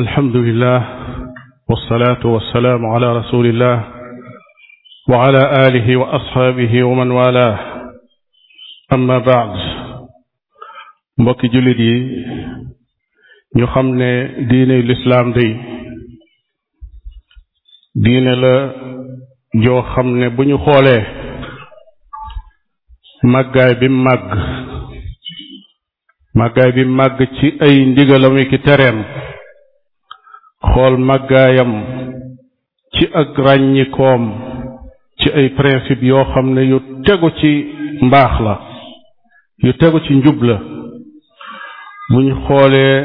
alhamdulilah walsalaatu walsalaamu ala rasulillah wa ala alihi wa asxaabihi wa man wala amma baad mbokki jullit yi ñu xam ne diine lislaam day diine la joo xam ne bu ñu xoolee màggaay bi màgg màggaay bi màgg ci ay ndigalam ki tereem xool màggaayam ci ak ràññikoom ci ay principe yoo xam ne yu tegu ci mbaax la yu tegu ci njub la bu ñu xoolee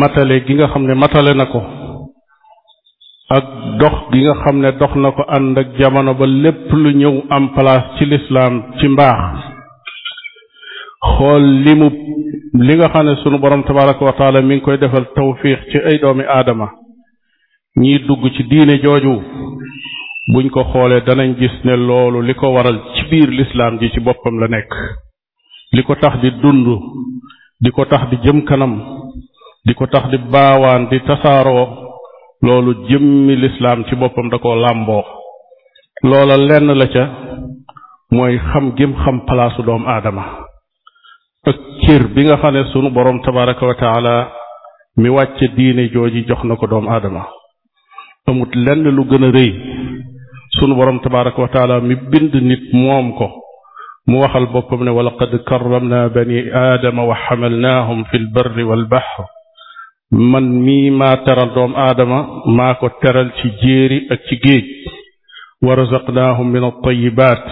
matale gi nga xam ne matale na ko ak dox gi nga xam ne dox na ko ànd ak jamono ba lépp lu ñëw am place ci lislaam ci mbaax xool limub li nga xam ne sunu borom tabaraka wa taala mi ngi koy defal tawfiix ci ay doomi aadama ñiy dugg ci diine jooju buñ ko xoolee danañ gis ne loolu li ko waral ci biir lislaam ji ci boppam la nekk li ko tax di dund di ko tax di jëm kanam di ko tax di baawaan di tasaaroo loolu jëmmi lislaam ci boppam da ko làmboo loola lenn la ca mooy xam gim xam palaasu doomu aadama ak cër bi nga xam ne sunu borom tabaraka wa taala mi wàcce diine jooji jox na ko doomu aadama amut lenn lu gën a rëy sunu boroom tabaraka wa taala mi bind nit moom ko mu waxal boppam ne wa laqad karramna bani aadama wa xamalnaahum fi lbarri walbaxr man mii maa teral doomu aadama maa ko teral ci jéeri ak ci géej wa razaqnaahum min altayibaat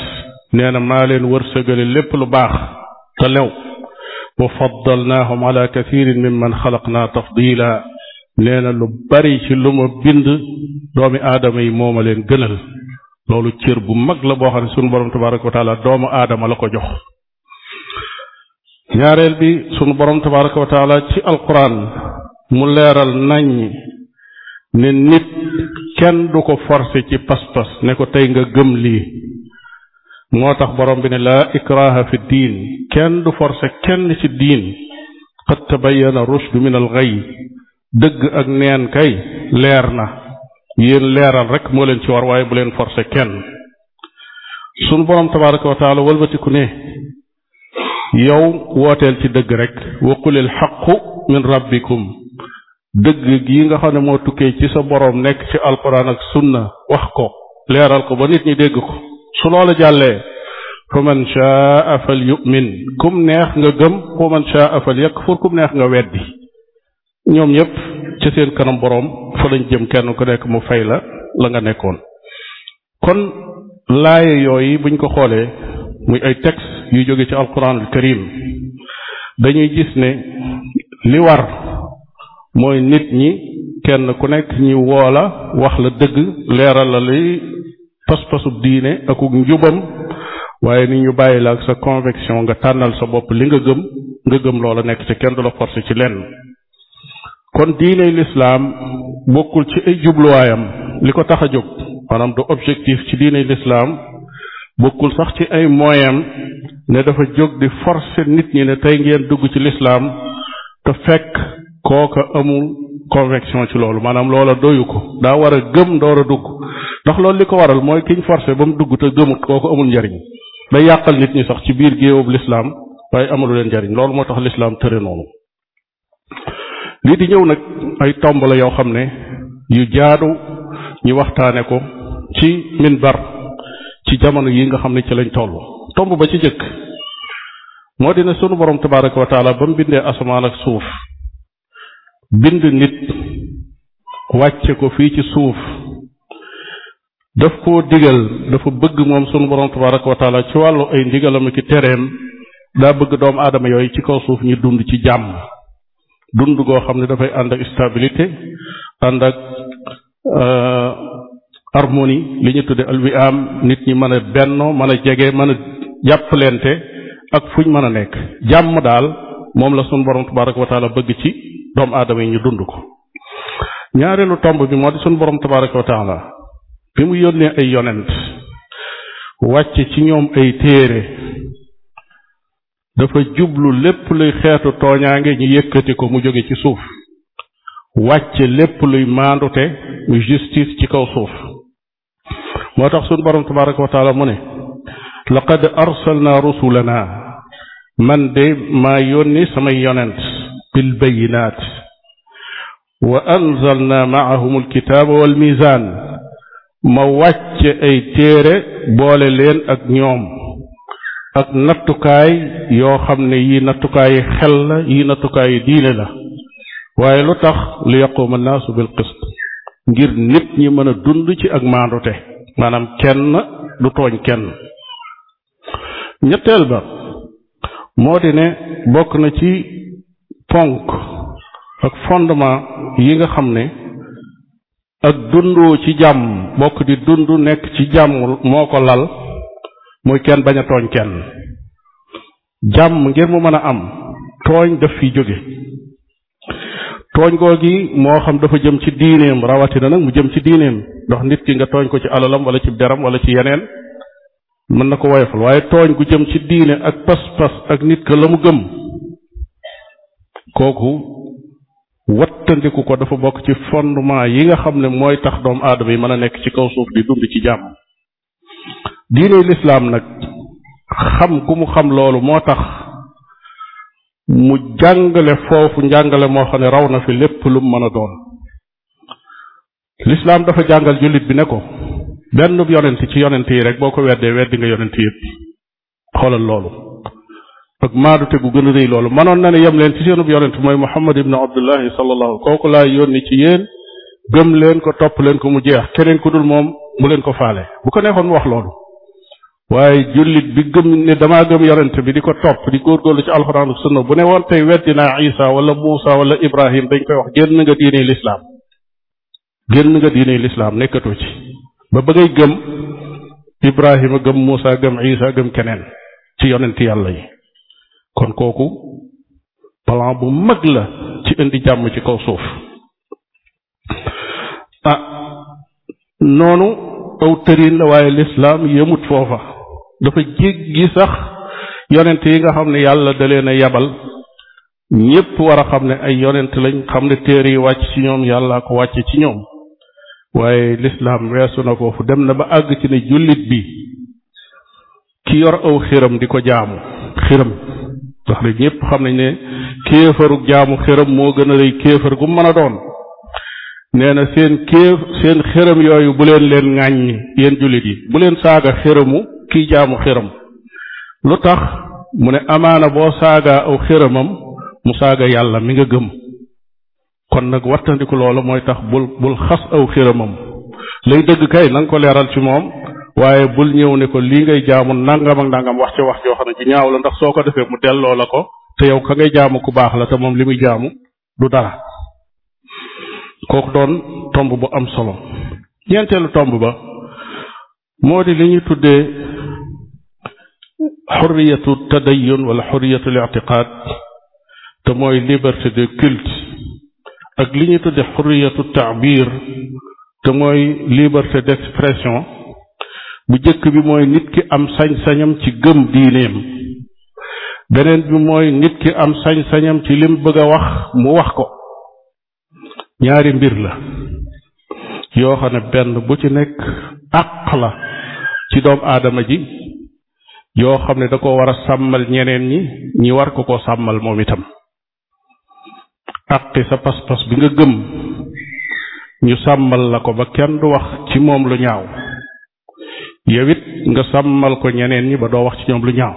nee na maa leen wërsëgale lépp lu baax te lew wa faddalnaahum ala kathirin mimman xalaqnaa tafdila nee na lu bari ci lu ma bind doomi aadama yi moom a leen gënal loolu cër bu mag la boo xam ne sunu borom tabaraka wa taala doomu aadama la ko jox ñaareel bi sunu borom tabaraka wa taala ci alquran mu leeral nañ ne nit kenn du ko forcer ci pas-pas ne ko tey nga gëm lii moo tax borom bi ne laa ikraha fi diin kenn du forcer kenn ci diin qad tabayyana rushdu min al ghayy dëgg ak neen kay leer na yéen leeral rek moo leen ci war waaye bu leen forcer kenn sunu borom tabaraka wa taala wëlbatiku ne yow wooteel ci dëgg rek wa qulil xaqu min rabbikum dëgg gi nga xam ne moo tukkee ci sa borom nekk ci alquran ak sunna wax ko leeral ko ba nit ñi dégg ko su loola jàllee fa man shaa fal yu'min kum neex nga gëm fa man shaa fal yakfur kum neex nga weddi ñoom ñëpp ci seen kanam boroom fa lañ jëm kenn ku nekk mu fay la la nga nekkoon kon laaye yooyu buñ ko xoolee muy ay texte yuy jóge ci alquran al karim dañuy gis ne li war mooy nit ñi kenn ku nekk ñi woola wax la dëgg leeral la li pas-pasub diine akuk njubam waaye ni ñu bàyyi la ak sa conviction nga tànnal sa bopp li nga gëm nga gëm loola nekk ci kenn du la forcé ci lenn kon diine lislaam bokkul ci ay jubluwaayam li ko tax a jóg maanaam du objectif ci diine lislaam bokkul sax ci ay moyen ne dafa jóg di forcer nit ñi ne tey ngeen dugg ci lislaam te fekk kooka amul conviction ci loolu maanaam loola doyu ko daa war a gëm door a dugg ndax loolu li ko waral mooy kiñ forcé ba mu dugg te gëmut kooku amul njariñ day yàqal nit ñi sax ci biir géewub lislaam waaye amalu leen njariñ loolu moo tax lislaam tëre noonu lii di ñëw nag ay tomb la yoo xam ne yu jaadu ñu waxtaane ko ci minbar ci jamono yi nga xam ne ci lañ toll tomb ba ci jëkk moo dina sunu borom tabaraka wa ba mu bindee asamaan ak suuf bind nit wàcce ko fii ci suuf daf koo digal dafa bëgg moom sunu borom tabaraka wa ci wàllu ay ndigalam ki tereem daa bëgg doomu aadama yooyu ci kaw suuf ñu dund ci jàmm dund goo xam ne dafay ànd ak stabilité ànd ak euh, harmonie li ñu tudde alwi am nit ñi mën a bennoo mën a jege mën a jàppalente ak fuñ mën a nekk jàmm daal moom la sunu borom tabaraka wa bëgg ci doomu aadama yi ñu dund ko ñaareelu tomb bi moo di sunu borom tabaraka wa taala bi mu yónnee ay yonent wàcce ci ñoom ay téere dafa jublu lépp luy xeetu tooñaange ñu yëkkati ko mu jóge ci suuf wàcce lépp luy maandute mu justice ci kaw suuf moo tax sunu borom tabaraka wa taala mu ne laqad arsalna rusulana man de maa yónni samay yonent بالبينات وأنزلنا معهم الكتاب والميزان ma wàcc ay téere boole leen ak ñoom ak nattukaay yoo xam ne yi nattukaayi xel la yi nattukaayi diine la waaye lu tax li yaquma naasu bil qist ngir nit ñi mën a dund ci ak maandute maanaam kenn du tooñ kenn ñetteel ba moo di ne bokk na ci ponk ak fondement yi nga xam ne ak dundoo ci jàmm bokk di dund nekk ci jàmm moo ko lal muy kenn bañ a tooñ kenn jàmm ngir mu mën a am tooñ def fi jóge tooñ gi moo xam dafa jëm ci diineem rawatina nag mu jëm ci diineem ndox nit ki nga tooñ ko ci alalam walla ci deram wala ci yeneen mën na ko woyofal waaye tooñ gu jëm ci diine ak pas-pas ak nit ka la mu gëm kooku wattandiku ko dafa bokk ci fondement yi nga xam ne mooy tax doomu aadama yi mën a nekk ci kaw suuf di dund ci jàmm diine lislaam nag xam ku mu xam loolu moo tax mu jàngale foofu njàngale moo xam ne raw na fi lépp lu mu mën a doon lislaam dafa jàngal jullit bi ne ko benn yonent ci yonent yi rek boo ko weddee weddi nga yonent yëpp xoolal loolu ak maadute gu gën a rëy loolu manoon na ne yem leen ci seenub yonent mooy Muhammad ibnu Abdullahi sallallahu kooku laa yónni ci yéen gëm leen ko topp leen ko mu jeex keneen ku dul moom mu leen ko faale bu ko neexoon mu wax loolu waaye jullit bi gëm ne damaa gëm yonent bi di ko topp di góorgóorlu ci alxuraan ak sunna bu ne woon tey weddinaa Isa wala Muusa wala Ibrahim dañ koy wax génn nga diine lislaam génn nga diine lislaam nekkatoo ci ba ba ngay gëm Ibrahima gëm gëm Isa gëm keneen ci yonent yàlla kon kooku plan bu mag la ci indi jàmm ci kaw suuf ah noonu aw tërin la waaye lislaam yëmut foofa dafa jéggi sax yonent yi nga xam ne yàlla da na a yabal ñépp war a xam ne ay yonent lañ xam ne téere yi wàcc ci ñoom yàllaa ko wàcce ci ñoom waaye lislaam weesu na foofu dem na ba àgg ci ne jullit bi ki yor aw xiram di ko jaamu xiram ndax rek ñëpp xam nañ ne kéefaru jaamu xëram moo gën a rëy kéefar gu mën a doon nee na seen kéef seen xëram yooyu bu leen leen ŋàññi yéen jullit yi bu leen saaga xëramu kii jaamu xëram lu tax mu ne amaana boo saagaa aw xëramam mu saaga yàlla mi nga gëm kon nag wattandiku loolu mooy tax bul bul xas aw xëramam lay dëgg kay na ko leeral ci moom waaye bul ñëw ne ko lii ngay jaamu nangam ak nangam wax ci wax joo ci ñaaw la ndax soo ko defee mu delloo la ko te yow ka ngay jaamu ku baax la te moom li muy jaamu du dara kooku doon tomb bu am solo ñeenteelu tomb ba moo di li ñu tuddee xurriyatu tadayun wala xurriyatu li'tiqaad te mooy liberté de culte ak li ñu tuddee xurriyatu taabir te mooy liberté d'expression bu jëkk bi mooy nit ki am sañ ci gëm diineem beneen bi mooy nit ki am sañ ci lim bëgg a wax mu wax ko ñaari mbir la yoo xam ne benn bu ci nekk àq la ci doom aadama ji yoo xam ne da ko war a sàmmal ñeneen ñi ñi war ko ko sàmmal moom itam àqi sa pas-pas bi nga gëm ñu sàmmal la ko ba kenn du wax ci moom lu ñaaw yow it nga sàmmal ko ñeneen ñi ba doo wax ci ñoom lu ñaaw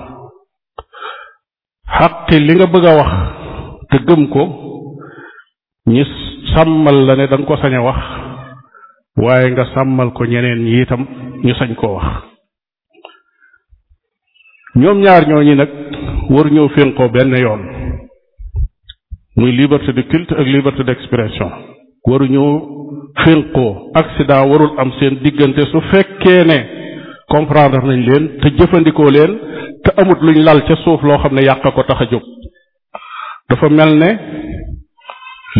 xaqi li nga bëgg a wax te gëm ko ñi sàmmal la ne da ko sañ a wax waaye nga sàmmal ko ñeneen ñi itam ñu sañ koo wax ñoom ñaar ñoo ñooñi nag war ñëw fénqoo benn yoon muy liberté de culte ak liberté d'expression waru ñëw fénqoo accident warul am seen diggante su fekkee ne comprendre nañ leen te jëfandikoo leen te amut luñ lal ca suuf loo xam ne yàq ko tax a jóg dafa mel ne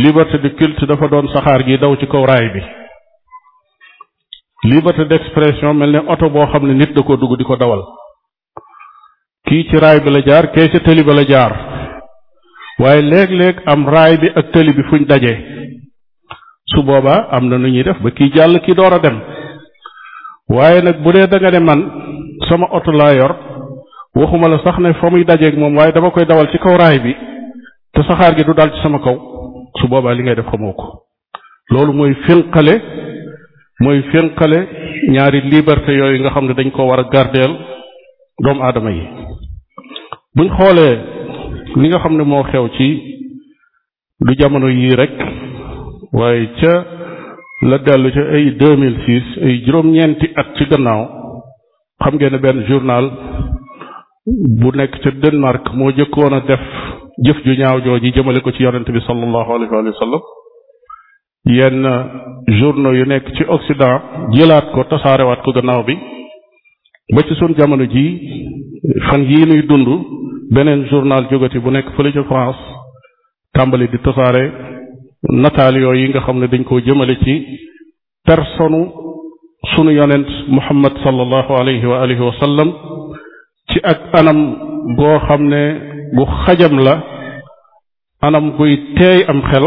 liberté de culte dafa doon saxaar gi daw ci kaw raay bi liberté d'expression mel ne oto boo xam ne nit da koo dugg di ko dawal kii ci raay bi la jaar kee ca tëli ba la jaar waaye léeg-léeg am raay bi ak tëli bi fuñ dajee su boobaa am na nu ñuy def ba kii jàll kii door a dem waaye nag bu dee da nga ne man sama oto laa yor waxuma la sax ne fa muy dajeeg moom waaye dama koy dawal ci kaw raay bi te saxaar gi du dal ci sama kaw su boobaa li ngay def xamoo ko loolu mooy fénqale mooy fénqale ñaari liberté yooyu nga xam ne dañ ko war a gardeel doomu aadama yi buñ xoolee li nga xam ne moo xew ci du jamono yii rek waaye ca la dellu ci ay 2006 ay juróom-ñeenti at ci gannaaw xam ngeen ne benn journal bu nekk ca Danemark moo jëkkoon a def jëf ju ñaaw jooji jëmale ko ci yonent bi sallallahu alayhi wa sallam yenn journaux yu nekk ci Occident jëlaat ko tasaarewaat ko gannaaw bi ba ci sun jamono ji fan yii nuy dund beneen journal jógati bu nekk fële ca France tàmbali di tasaare nataal yooyu nga xam ne dañ koo jëmale ci personu sunu yonent muhammad sallallahu alayhi wa alihi wa ci ak anam goo xam ne gu xajam la anam guy teey am xel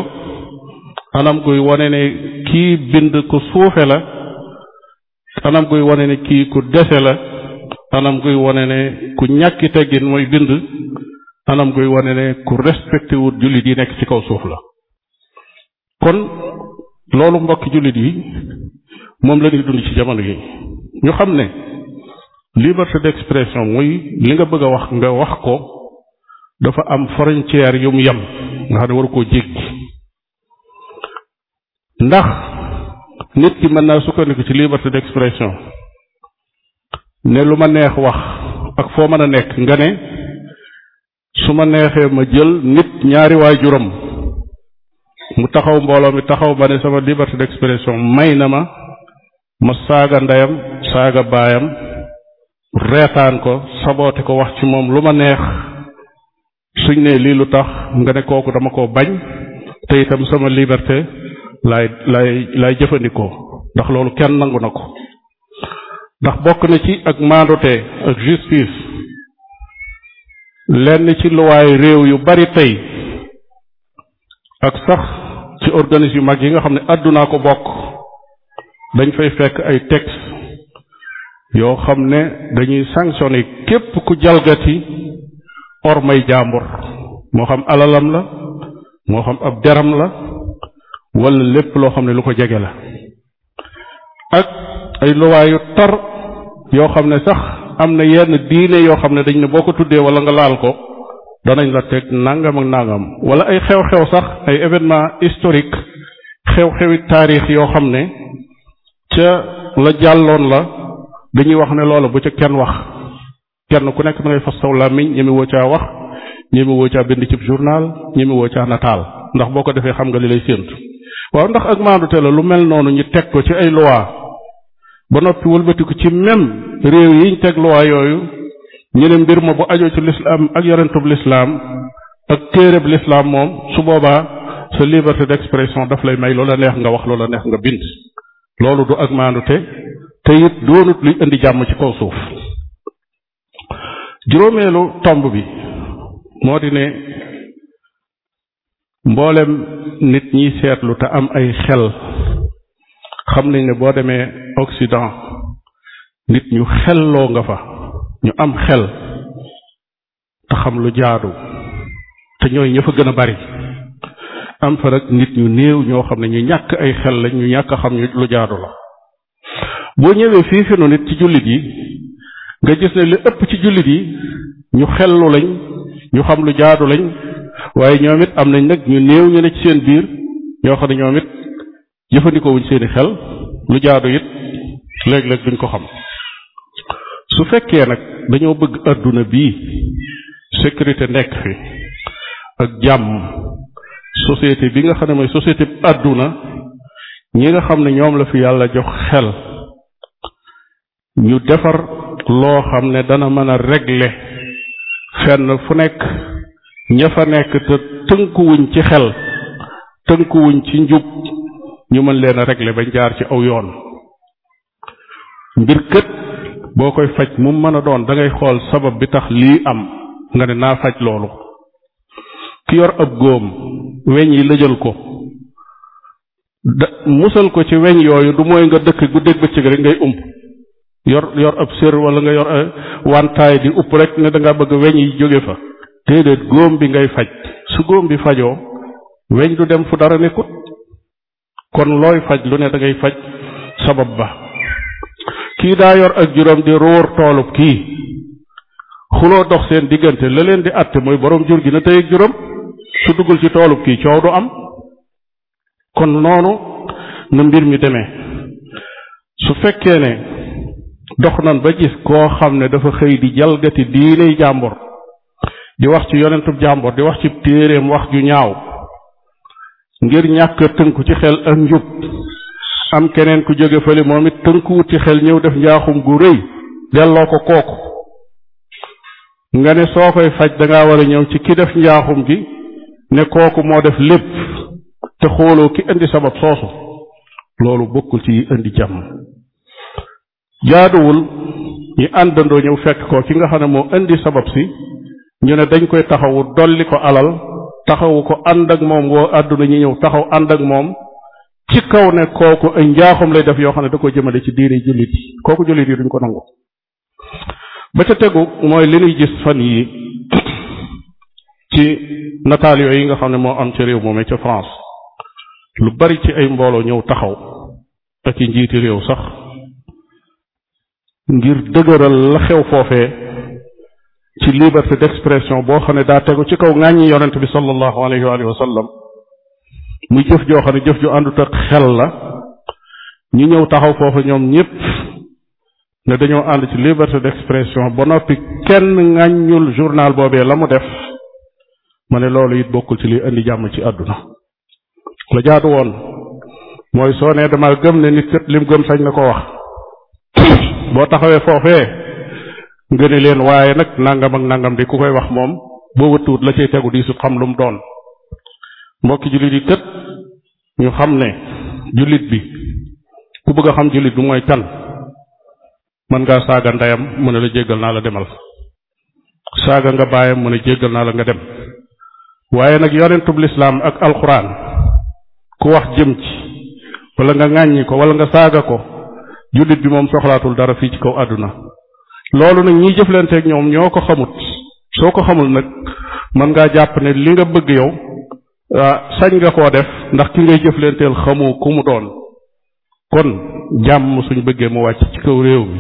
anam guy wane ne kii bind ku suufe la anam guy wone ne kii ku dese la anam guy wane ne ku ñàkki teggin mooy bind anam guy wane ne ku respecté wut jullit yi nekk ci kaw suuf la kon loolu mbokki jullit yi moom la ñuy dund ci jamono yi ñu xam ne liberté d'expression muy li nga bëgg a wax nga wax ko dafa am frontière yu mu yem nga xam ne waru koo jéggi ndax nit ki mën naa sukkandiku ci liberté d'expression ne lu ma neex wax ak foo mën a nekk nga ne su ma neexee ma jël nit ñaari juróom mu taxaw mbooloo mi taxaw ba ne sama liberté d'expression may na ma ma saaga ndeyam saaga baayam reetaan ko saboote ko wax ci moom lu ma neex suñ ne lii lu tax nga ne kooku dama koo bañ te itam sama liberté laay laay jëfandikoo ndax loolu kenn nangu na ko ndax bokk na ci ak maandotee ak justice lenn ci luwaay réew yu bari tey ak sax ci organisme yu mag yi nga xam ne àddunaa ko bokk dañ fay fekk ay texte yoo xam ne dañuy sanctionné képp ku jalgati or may jaambur moo xam alalam la moo xam ab deram la wala lépp loo xam ne lu ko jege la ak ay luwaayu tar yoo xam ne sax am na yenn diine yoo xam ne dañ ne boo ko tuddee wala nga laal ko danañ la teg nangam ak nangam wala ay xew-xew sax ay événement historique xew-xewi taarix yoo xam ne ca la jàlloon la dañuy wax ne loola bu ca kenn wax kenn ku nekk da ngay fas taw làmmiñ ñi mi woo caa wax ñi ca woo caa bind cib journal ñi mi nataal ndax boo ko defee xam nga li lay séentu waaw ndax ak maandute la lu mel noonu ñu teg ko ci ay loi ba noppi wëlbatiku ci même réew yi ñu teg loi yooyu ñu ne mbir ma bu ajoo ci lislaam ak yorentub lislaam ak téereb lislaam moom su boobaa sa liberté d'expression daf lay may loola neex nga wax loola neex nga bind loolu du ak maandute te it doonut luy indi jàmm ci kaw suuf juróomeelu tomb bi moo di ne mboolem nit ñiy seetlu te am ay xel xam nañ ne boo demee Occident nit ñu xelloo nga fa ñu am xel te xam lu jaadu te ñooy ña a gën a bari am fa nag nit ñu néew ñoo xam ne ñu ñàkk ay xel lañ ñu ñàkk xam lu jaadu la boo ñëwee fii fi nu nit ci jullit yi nga gis ne li ëpp ci jullit yi ñu xellu lañ ñu xam lu jaadu lañ waaye ñoom it am nañ nag ñu néew ñu ne ci seen biir ñoo xam ne ñoom it jëfandikoowuñ seeni xel lu jaadu it léeg lekk duñ ko xam su fekkee nag dañoo bëgg adduna bii sécurité nekk fi ak jàmm société bi nga xam ne mooy société bi adduna ñi nga xam ne ñoom la fi yàlla jox xel ñu defar loo xam ne dana mën a régler fenn fu nekk ña fa nekk te tënkuwuñ ci xel tënkuwuñ ci njub ñu mën leen a régler bañ jaar ci aw yoon mbir kët boo koy faj mu mën a doon dangay xool sabab bi tax lii am nga ne naa faj loolu ki yor ab góom weñ yi lëjal ko da musal ko ci weñ yooyu du mooy nga dëkk guddeeg bëccëg rek ngay ump yor yor ab sér wala nga yor eh, wantaay di upp rek ne da nga bëgg weñ yi jóge fa déedéet góom bi ngay faj su góom bi fajoo weñ du dem fu dara nekkut kon looy faj lu ne dangay faj sabab ba kii daa yor ak juróom di ruur toolub kii xuloo dox seen diggante leleen di atte mooy boroom jur gi na tey ak juróom su duggul ci toolub kii coow du am kon noonu na mbir mi demee su fekkee ne dox nan ba gis koo xam ne dafa xëy di jalgati diiney jàmbor di wax ci yonentub jàmbor di wax ci téereem wax ju ñaaw ngir ñàkk tënku ci xel ak njub am keneen ku jóge fële moom it tënkuwut ci xel ñëw def njaaxum gu rëy delloo ko kooku nga ne soo koy faj dangaa war ñëw ci ki def njaaxum gi ne kooku moo def lépp te xooloo ki indi sabab soosu loolu bokkul ci indi jàmm jaaduwul ñi àndandoo ñëw fekk ko ki nga xam ne moo indi sabab si ñu ne dañ koy taxawu dolli ko alal taxawu ko ànd ak moom woo àdduna ñi ñëw taxaw ànd ak moom ci kaw ne kooku ay njaaxum lay def yoo xam ne da ko jëmale ci diine jullit yi kooku jullit yi duñ ko nangu ba ca tegu mooy li ñuy gis fan yi ci nataal yooyu nga xam ne moo am ci réew moomee ca France lu bari ci ay mbooloo ñëw taxaw ak i njiiti réew sax ngir dëgëral la xew foofee ci liberté d'expression boo xam ne daa tegu ci kaw ŋàññi yonent bi sallallahu alayhi wa sallam muy jëf joo xam ne jëf ju àndut ak xel la ñu ñëw taxaw foofu ñoom ñépp ne dañoo ànd ci liberté d'expression ba noppi kenn ŋàññul journal boobee la mu def ma ne loolu it bokkul ci lii indi jàmm ci àdduna la jaadu woon mooy soo nee dama gëm ne nit kët lim gëm sañ na ko wax boo taxawee foofee nga ne leen waaye nag nangam ak nangam di ku koy wax moom boo wëttuwut la cay tegu diisut xam lu mu doon mbokki jullit yi kët ñu xam ne jullit bi ku bëgg a xam jullit bi mooy kan mën ngaa saaga ndeyam mën ne la jéggal naa la demal saaga nga baayam mu ne jéggal naa la nga dem waaye nag yonentub lislaam ak alxuraan ku wax jëm ci wala nga ŋàññi ko wala nga saaga ko jullit bi moom soxlaatul dara fii ci kaw àdduna loolu nag ñiy jëflanteeg ñoom ñoo ko xamut soo ko xamul nag mën ngaa jàpp ne li nga bëgg yow Euh, sañ nga koo def ndax ki ngay jëflanteel xamu ku mu doon kon jàmm suñ bëggee mu wàcc ci kaw réew mi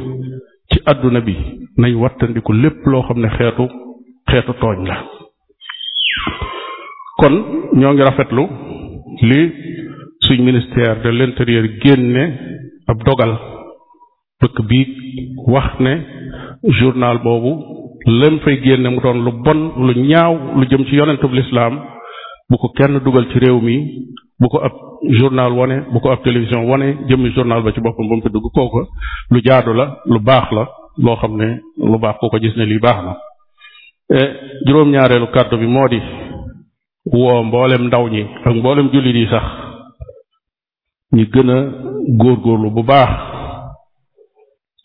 ci àdduna bi nañ wattandiku lépp loo xam ne xeetu xeetu tooñ la kon ñoo ngi rafetlu li suñ ministère de l'intérieur génne ab dogal dëkk bii wax ne journal boobu lam fay génne mu doon lu bon lu ñaaw lu jëm ci yonentub lislaam bu ko kenn dugal ci réew mi bu ko ab journal wone bu ko ab télévision wane jëmmi journal ba ci boppam ba mu dugg kooku lu jaadu la lu baax la loo xam ne lu baax ku ko gis ne lii baax na eh, juróom-ñaareelu kàddu bi moo di woo mboolem ndaw ñi ak mboolem jullit yi sax ñu gën góor góorgóorlu bu baax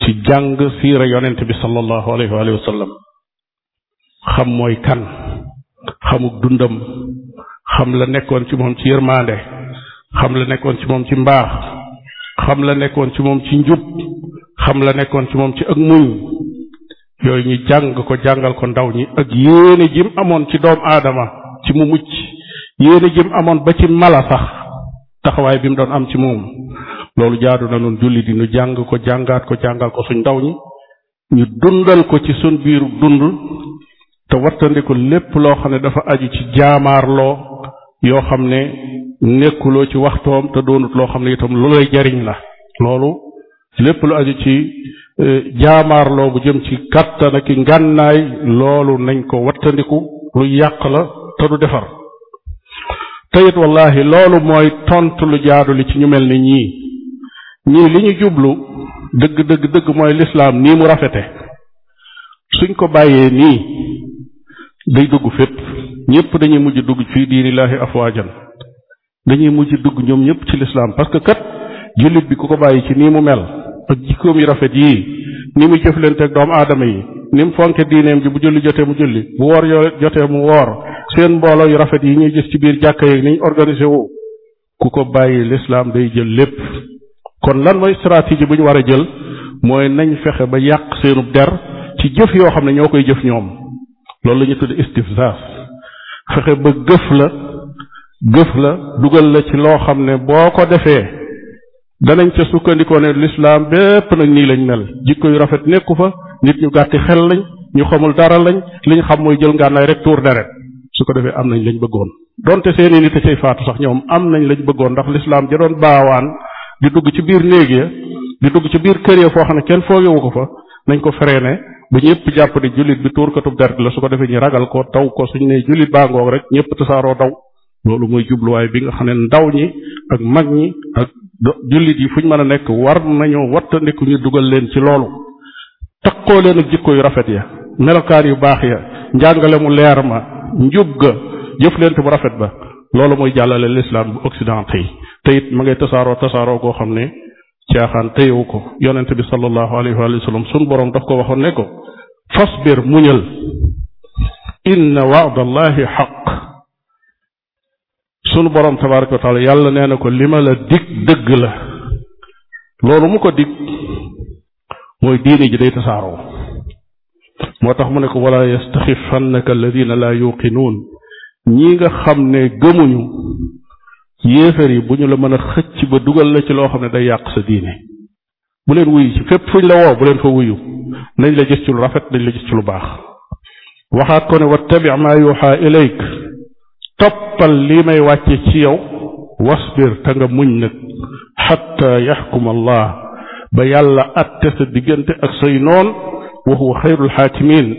ci jàng siira yonent bi sallallahu alayhi wa sallam xam mooy kan xamuk dundam xam la nekkoon ci moom ci yërmaande xam la nekkoon ci moom ci mbaax xam la nekkoon ci moom ci njub xam la nekkoon ci moom ci ak muñ yooyu ñu jàng ko jàngal ko ndaw ñi ak yéene jim amoon ci doom aadama ci mu mucc yéene jim amoon ba ci mala sax taxawaay bi mu doon am ci moom loolu jaadu na noon julli di nu jàng ko jàngaat ko jàngal ko suñ ndaw ñi ñu dundal ko ci suñ biiru dund te wattandiku lépp loo xam ne dafa aju ci jaamaarloo yoo xam ne nekkuloo ci waxtoom te doonut loo xam ne itam lu lay jariñ la loolu lépp lu aju ci e, jaamaarloo bu jëm ci kàttan ki ngànnaay loolu nañ ko wattandiku lu yàq la te du defar teyit wallahi loolu mooy tontu lu jaadu li ci ñu mel ni ñii ñii li ñu jublu dëgg dëgg dëgg mooy lislaam nii mu rafete suñ ko bàyyee nii day dugg fépp ñëpp dañuy mujj dugg fii diinillaahi afwaajan dañuy mujj dugg ñoom ñëpp ci lislaam parce que kat jullit bi ku ko bàyyi ci nii mu mel ak jikkoom yi rafet yii ni mu jëflanteeg doomu aadama yi ni mu fonke diineem ji bu julli jotee mu julli bu woor yo jotee mu woor seen mbooloo yu rafet yi ñuy gis ci biir jàkka yeeg ni ñu organisé wu ku ko bàyyi lislaam day jël lépp kon lan mooy stratégie bu ñu war a jël mooy nañ fexe ba yàq seenub der ci jëf yoo xam ne ñoo koy jëf ñoom loolu la ñu fexe ba gëf la gëf la dugal la ci loo xam ne boo ko defee danañ ca sukkandikoo ne lislaam bépp nag nii lañ mel jikko yu rafet nekku fa nit ñu gàtti xel lañ ñu xamul dara lañ liñ xam mooy jël ngànnaay rek tuur deret su ko defee am nañ lañ bëggoon donte seeni nit a cay faatu sax ñoom am nañ lañ bëggoon ndax lislaam ja doon baawaan di dugg ci biir néeg ya di dugg ci biir kër ya foo xam ne kenn foogewu ko fa nañ ko ne ba ñëpp jàpp ne jullit bi tuurkatub deret la su ko defee ñi ragal ko taw ko suñ ne jullit baa ngoog rek ñëpp tasaaroo daw loolu mooy jubluwaay bi nga xam ne ndaw ñi ak mag ñi ak jullit yi fu fuñ mën a nekk war nañoo wattandiku ñu dugal leen ci loolu takkoo leen ak jikko yu rafet ya melokaan yu baax ya njàngale mu leer ma njub ga jëflante bu rafet ba loolu mooy jàllale lislaam bu occident yi te it ma ngay tasaaroo tasaaroo koo xam ne caaxaan téyewu ko yonent bi sallallahu alayhi wa sallam daf ko waxoon ne ko fasbir muñal inna waadallahi xaq sunu boroom tabaraka wa yàlla nee na ko li ma la dig dëgg la loolu mu ko dig mooy diine ji day tasaaroo moo tax mu ne ko wala yastaxifannaka alladina laa yuqinuun ñi nga xam ne gëmuñu yéefar yi bu ñu la mën a xëcc ba dugal la ci loo xam ne day yàq sa diine bu leen wuyu ci fépp fuñ la woo bu leen fa wuyu nañ la gis ci lu rafet nañ la gis lu baax waxaat ko ne wattabi maa yuuxa ilayk toppal lii may wàcce ci yow wasbir te nga muñ nag xatta yaxkum allah ba yàlla atte sa diggante ak say noon wa huwa xayrul xaakimiin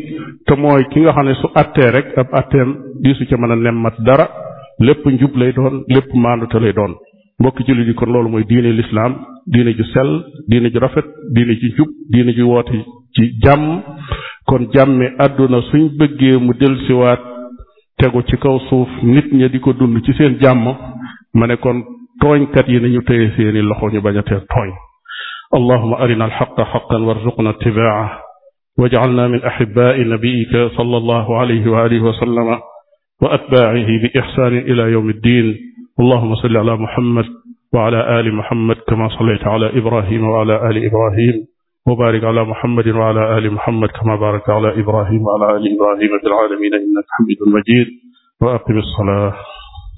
te mooy ki nga xam ne su attee rek ab di diisu ca mën a nemmat dara lépp njub lay doon lépp maandute lay doon mbokki jullit yi kon loolu mooy diine lislaam diine ju sel diine ju rafet diine ju njub diine ju woote ci jàmm kon jàmmi àdduna suñ bëggee mu delsiwaat tegu ci kaw suuf nit ña di ko dund ci seen jàmm ma ne kon tooñkat yi ñu téye seeni loxo ñu bañ a teel tooñ allahuma arina alxaqa xaqan warzuqna itibaa waj'alna min axibaai nabiyika sallallahu alayhi wa alihi wa atbaacihi bi ixsaanin ila yowmi ddin allahuma salli ala muhammad wa ala ali muhammad kama sallayta ala ibrahima wa ala ali ibrahim wa barik ala muhammadin wa ala ali muhammad kama barakta ala ibrahima wa ala ali ibrahima fi lcalamina innaka xamidun majid wa aqim alsalaa